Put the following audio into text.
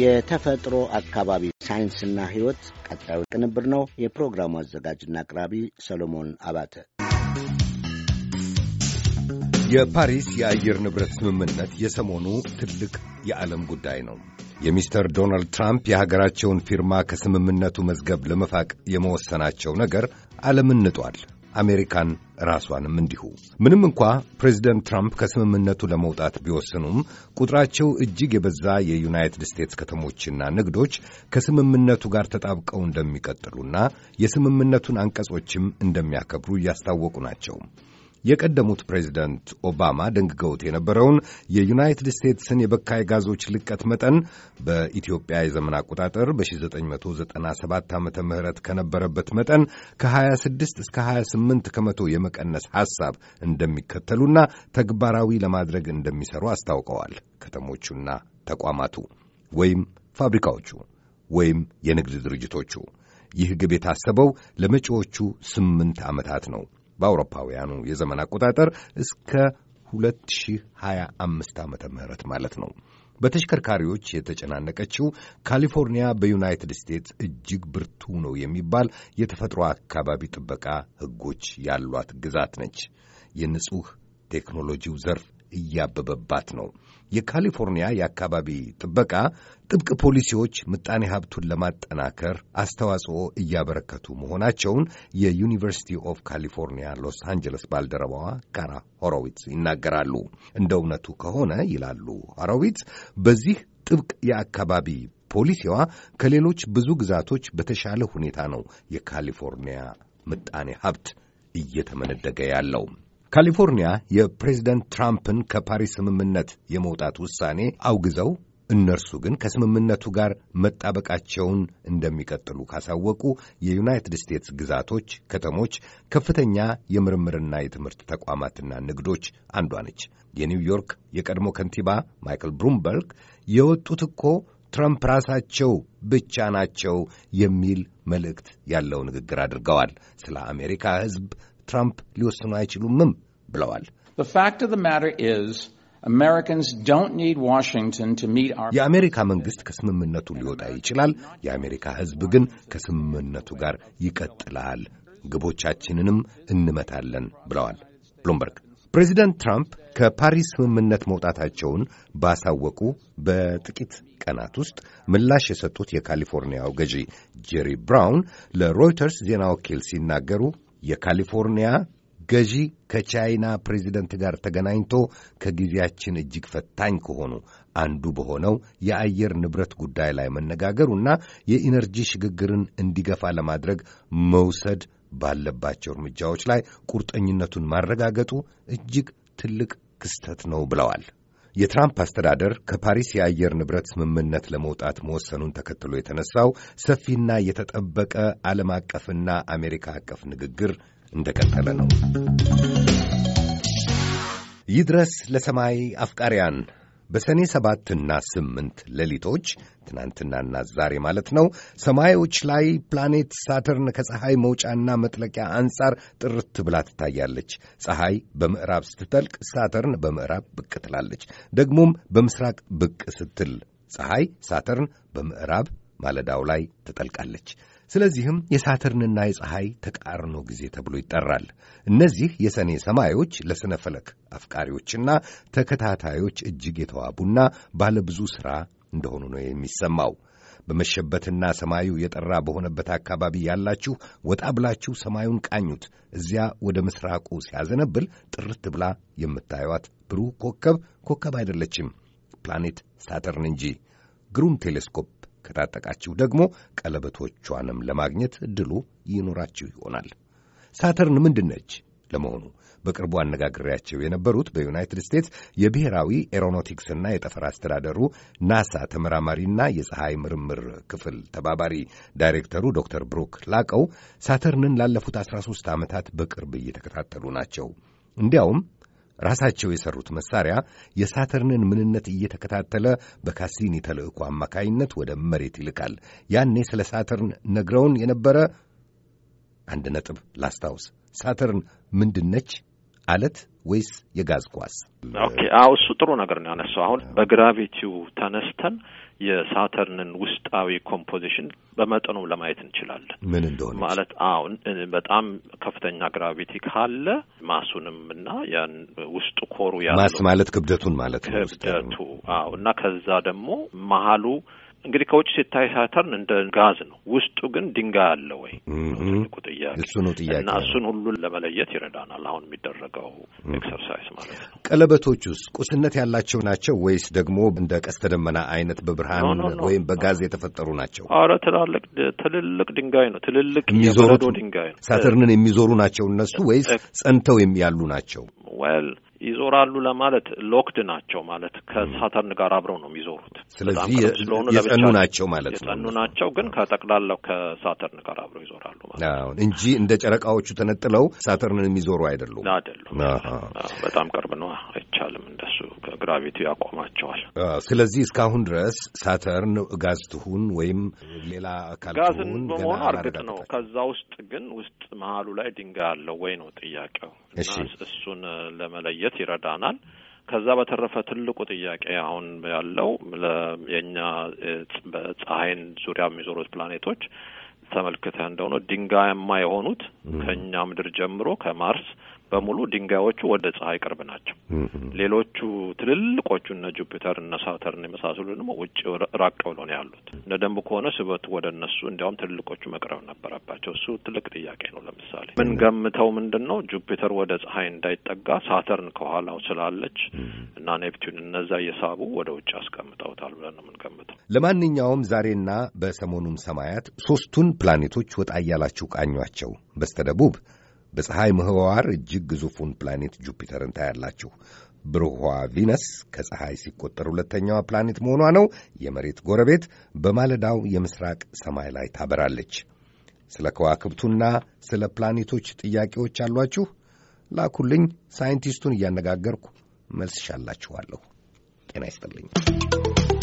የተፈጥሮ አካባቢ ሳይንስና ሕይወት ቀጣዩ ቅንብር ነው። የፕሮግራሙ አዘጋጅና አቅራቢ ሰሎሞን አባተ። የፓሪስ የአየር ንብረት ስምምነት የሰሞኑ ትልቅ የዓለም ጉዳይ ነው። የሚስተር ዶናልድ ትራምፕ የሀገራቸውን ፊርማ ከስምምነቱ መዝገብ ለመፋቅ የመወሰናቸው ነገር ዓለምን ንጧል። አሜሪካን ራሷንም እንዲሁ። ምንም እንኳ ፕሬዚደንት ትራምፕ ከስምምነቱ ለመውጣት ቢወስኑም ቁጥራቸው እጅግ የበዛ የዩናይትድ ስቴትስ ከተሞችና ንግዶች ከስምምነቱ ጋር ተጣብቀው እንደሚቀጥሉና የስምምነቱን አንቀጾችም እንደሚያከብሩ እያስታወቁ ናቸው። የቀደሙት ፕሬዚደንት ኦባማ ደንግገውት የነበረውን የዩናይትድ ስቴትስን የበካይ ጋዞች ልቀት መጠን በኢትዮጵያ የዘመን አቆጣጠር በ1997 ዓ ም ከነበረበት መጠን ከ26 እስከ 28 ከመቶ የመቀነስ ሐሳብ እንደሚከተሉና ተግባራዊ ለማድረግ እንደሚሰሩ አስታውቀዋል። ከተሞቹና ተቋማቱ ወይም ፋብሪካዎቹ ወይም የንግድ ድርጅቶቹ ይህ ግብ የታሰበው ለመጪዎቹ ስምንት ዓመታት ነው። በአውሮፓውያኑ የዘመን አቆጣጠር እስከ 2025 ዓመተ ምህረት ማለት ነው። በተሽከርካሪዎች የተጨናነቀችው ካሊፎርኒያ በዩናይትድ ስቴትስ እጅግ ብርቱ ነው የሚባል የተፈጥሮ አካባቢ ጥበቃ ሕጎች ያሏት ግዛት ነች። የንጹሕ ቴክኖሎጂው ዘርፍ እያበበባት ነው። የካሊፎርኒያ የአካባቢ ጥበቃ ጥብቅ ፖሊሲዎች ምጣኔ ሀብቱን ለማጠናከር አስተዋጽኦ እያበረከቱ መሆናቸውን የዩኒቨርሲቲ ኦፍ ካሊፎርኒያ ሎስ አንጀለስ ባልደረባዋ ካራ ሆሮዊትስ ይናገራሉ። እንደ እውነቱ ከሆነ ይላሉ ሆሮዊትስ፣ በዚህ ጥብቅ የአካባቢ ፖሊሲዋ ከሌሎች ብዙ ግዛቶች በተሻለ ሁኔታ ነው የካሊፎርኒያ ምጣኔ ሀብት እየተመነደገ ያለው። ካሊፎርኒያ የፕሬዚደንት ትራምፕን ከፓሪስ ስምምነት የመውጣት ውሳኔ አውግዘው እነርሱ ግን ከስምምነቱ ጋር መጣበቃቸውን እንደሚቀጥሉ ካሳወቁ የዩናይትድ ስቴትስ ግዛቶች፣ ከተሞች ከፍተኛ የምርምርና የትምህርት ተቋማትና ንግዶች አንዷ ነች። የኒውዮርክ የቀድሞ ከንቲባ ማይክል ብሉምበርግ የወጡት እኮ ትራምፕ ራሳቸው ብቻ ናቸው የሚል መልእክት ያለው ንግግር አድርገዋል። ስለ አሜሪካ ሕዝብ ትራምፕ ሊወስኑ አይችሉምም ብለዋል። የአሜሪካ መንግሥት ከስምምነቱ ሊወጣ ይችላል። የአሜሪካ ሕዝብ ግን ከስምምነቱ ጋር ይቀጥላል፣ ግቦቻችንንም እንመታለን ብለዋል ብሉምበርግ። ፕሬዚደንት ትራምፕ ከፓሪስ ስምምነት መውጣታቸውን ባሳወቁ በጥቂት ቀናት ውስጥ ምላሽ የሰጡት የካሊፎርኒያው ገዢ ጄሪ ብራውን ለሮይተርስ ዜና ወኪል ሲናገሩ የካሊፎርኒያ ገዢ ከቻይና ፕሬዚደንት ጋር ተገናኝቶ ከጊዜያችን እጅግ ፈታኝ ከሆኑ አንዱ በሆነው የአየር ንብረት ጉዳይ ላይ መነጋገሩና የኢነርጂ ሽግግርን እንዲገፋ ለማድረግ መውሰድ ባለባቸው እርምጃዎች ላይ ቁርጠኝነቱን ማረጋገጡ እጅግ ትልቅ ክስተት ነው ብለዋል። የትራምፕ አስተዳደር ከፓሪስ የአየር ንብረት ስምምነት ለመውጣት መወሰኑን ተከትሎ የተነሳው ሰፊና የተጠበቀ ዓለም አቀፍና አሜሪካ አቀፍ ንግግር እንደቀጠለ ነው። ይድረስ ለሰማይ አፍቃሪያን በሰኔ ሰባትና ስምንት ሌሊቶች ትናንትናና ዛሬ ማለት ነው። ሰማዮች ላይ ፕላኔት ሳተርን ከፀሐይ መውጫና መጥለቂያ አንጻር ጥርት ብላ ትታያለች። ፀሐይ በምዕራብ ስትጠልቅ፣ ሳተርን በምዕራብ ብቅ ትላለች። ደግሞም በምስራቅ ብቅ ስትል ፀሐይ ሳተርን በምዕራብ ማለዳው ላይ ትጠልቃለች። ስለዚህም የሳትርንና የፀሐይ ተቃርኖ ጊዜ ተብሎ ይጠራል። እነዚህ የሰኔ ሰማዮች ለሥነ ፈለክ አፍቃሪዎችና ተከታታዮች እጅግ የተዋቡና ባለብዙ ሥራ እንደሆኑ ነው የሚሰማው። በመሸበትና ሰማዩ የጠራ በሆነበት አካባቢ ያላችሁ ወጣ ብላችሁ ሰማዩን ቃኙት። እዚያ ወደ ምስራቁ ሲያዘነብል ጥርት ብላ የምታዩት ብሩህ ኮከብ ኮከብ አይደለችም፣ ፕላኔት ሳተርን እንጂ ግሩም ቴሌስኮፕ ከታጠቃችሁ ደግሞ ቀለበቶቿንም ለማግኘት ድሉ ይኖራችሁ ይሆናል። ሳተርን ምንድን ነች ለመሆኑ? በቅርቡ አነጋግሬያቸው የነበሩት በዩናይትድ ስቴትስ የብሔራዊ ኤሮኖቲክስና የጠፈር አስተዳደሩ ናሳ ተመራማሪና የፀሐይ ምርምር ክፍል ተባባሪ ዳይሬክተሩ ዶክተር ብሩክ ላቀው ሳተርንን ላለፉት 13 ዓመታት በቅርብ እየተከታተሉ ናቸው። እንዲያውም ራሳቸው የሠሩት መሣሪያ የሳተርንን ምንነት እየተከታተለ በካሲኒ ተልዕኮ አማካይነት ወደ መሬት ይልካል። ያኔ ስለ ሳተርን ነግረውን የነበረ አንድ ነጥብ ላስታውስ። ሳተርን ምንድነች? አለት ወይስ የጋዝ ኳስ? ኦኬ፣ አዎ እሱ ጥሩ ነገር ነው ያነሳው። አሁን በግራቪቲው ተነስተን የሳተርንን ውስጣዊ ኮምፖዚሽን በመጠኑ ለማየት እንችላለን። ምን እንደሆነ ማለት አሁን በጣም ከፍተኛ ግራቪቲ ካለ ማሱንም እና ያን ውስጡ ኮሩ ያ ማስ ማለት ክብደቱን ማለት ነው። ክብደቱ አዎ። እና ከዛ ደግሞ መሀሉ እንግዲህ ከውጭ ሲታይ ሳተርን እንደ ጋዝ ነው። ውስጡ ግን ድንጋይ አለ ወይ ትልቁ ጥያቄ እሱ ነው ጥያቄ እና እሱን ሁሉን ለመለየት ይረዳናል አሁን የሚደረገው ኤክሰርሳይዝ ማለት ነው። ቀለበቶች ውስጥ ቁስነት ያላቸው ናቸው ወይስ ደግሞ እንደ ቀስተ ደመና አይነት በብርሃን ወይም በጋዝ የተፈጠሩ ናቸው? አረ ትላልቅ ትልልቅ ድንጋይ ነው። ትልልቅ የሚዞሩ ድንጋይ ነው። ሳተርንን የሚዞሩ ናቸው እነሱ ወይስ ጸንተው ያሉ ናቸው? ወል ይዞራሉ ለማለት ሎክድ ናቸው ማለት ከሳተርን ጋር አብረው ነው የሚዞሩት። ስለዚህ የጸኑ ናቸው ማለት ነው። የጸኑ ናቸው ግን ከጠቅላላው ከሳተርን ጋር አብረው ይዞራሉ ማለት ነው እንጂ እንደ ጨረቃዎቹ ተነጥለው ሳተርንን የሚዞሩ አይደሉም አይደሉም። በጣም ቅርብ ነው። መስሪያ ቤቱ ያቆማቸዋል። ስለዚህ እስካሁን ድረስ ሳተርን ጋዝ ትሁን ወይም ሌላ አካል ጋዝን በመሆኑ እርግጥ ነው። ከዛ ውስጥ ግን ውስጥ መሀሉ ላይ ድንጋይ አለው ወይ ነው ጥያቄው እሱን ለመለየት ይረዳናል። ከዛ በተረፈ ትልቁ ጥያቄ አሁን ያለው የእኛ በፀሐይን ዙሪያ የሚዞሩት ፕላኔቶች ተመልክተህ እንደሆነ ድንጋያማ የሆኑት ከእኛ ምድር ጀምሮ ከማርስ በሙሉ ድንጋዮቹ ወደ ፀሐይ ቅርብ ናቸው። ሌሎቹ ትልልቆቹ እነ ጁፒተር እነ ሳተርን የመሳሰሉ ደግሞ ውጭ ራቅ ብሎ ነው ያሉት። እንደ ደንቡ ከሆነ ስበቱ ወደ እነሱ እንዲያውም ትልልቆቹ መቅረብ ነበረባቸው። እሱ ትልቅ ጥያቄ ነው። ለምሳሌ ምን ገምተው ምንድን ነው ጁፒተር ወደ ፀሐይ እንዳይጠጋ ሳተርን ከኋላው ስላለች እና ኔፕቲዩን እነዛ እየሳቡ ወደ ውጭ አስቀምጠውታል ብለን ነው ምንገምተው ለማንኛውም ዛሬና በሰሞኑም ሰማያት ሶስቱን ፕላኔቶች ወጣ እያላችሁ ቃኟቸው። በስተደቡብ በፀሐይ ምህዋር እጅግ ግዙፉን ፕላኔት ጁፒተርን ታያላችሁ። ብሩህዋ ቪነስ ከፀሐይ ሲቆጠር ሁለተኛዋ ፕላኔት መሆኗ ነው። የመሬት ጎረቤት በማለዳው የምስራቅ ሰማይ ላይ ታበራለች። ስለ ከዋክብቱና ስለ ፕላኔቶች ጥያቄዎች አሏችሁ? ላኩልኝ። ሳይንቲስቱን እያነጋገርኩ መልስ ሻላችኋለሁ። ጤና ይስጥልኝ።